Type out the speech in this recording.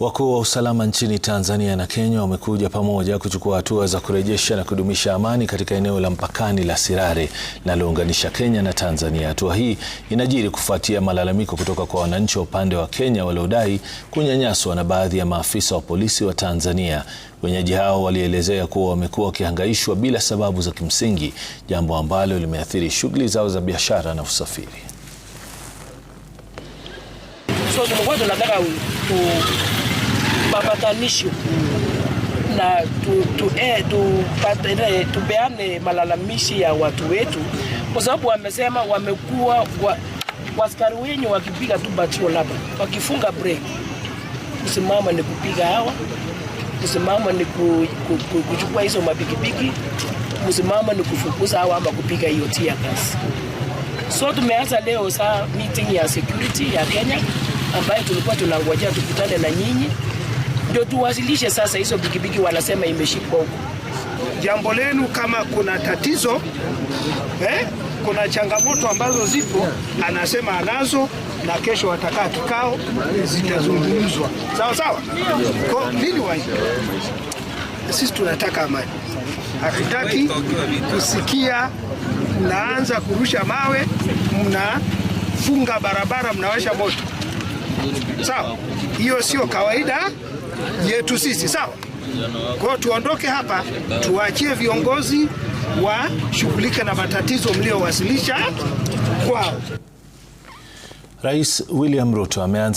Wakuu wa usalama nchini Tanzania na Kenya wamekuja pamoja kuchukua hatua za kurejesha na kudumisha amani katika eneo la mpakani la Sirare linalounganisha Kenya na Tanzania. Hatua hii inajiri kufuatia malalamiko kutoka kwa wananchi wa upande wa Kenya waliodai kunyanyaswa na baadhi ya maafisa wa polisi wa Tanzania. Wenyeji hao walielezea kuwa wamekuwa wakihangaishwa bila sababu za kimsingi, jambo ambalo limeathiri shughuli zao za biashara na usafiri. So, mapatanisho na tu, tu, eh, tu, patene, eh, tu malalamishi ya watu wetu, kwa sababu wamesema wamekuwa waskari wenye wakipiga tu batio, labda wakifunga break, kusimama ni kupiga hawa, kusimama ni kuchukua hizo mapikipiki, kusimama ni kufukuza hawa ama kupiga hiyo tia gas. So tumeanza leo saa meeting ya security ya Kenya ambayo tulikuwa tunangojea tukutane na nyinyi ndio tuwasilishe sasa hizo pikipiki, wanasema imeshikwa huko. Jambo lenu kama kuna tatizo eh, kuna changamoto ambazo zipo, anasema anazo na kesho watakaa kikao, zitazungumzwa sawa sawa. Kwa nini wai, sisi tunataka amani, hatutaki kusikia mnaanza kurusha mawe, mnafunga barabara, mnawasha moto. Sawa, hiyo sio kawaida yetu sisi. Sawa, kwa hiyo tuondoke hapa, tuwaachie viongozi washughulike na matatizo mliowasilisha kwao. Rais William Ruto ameanza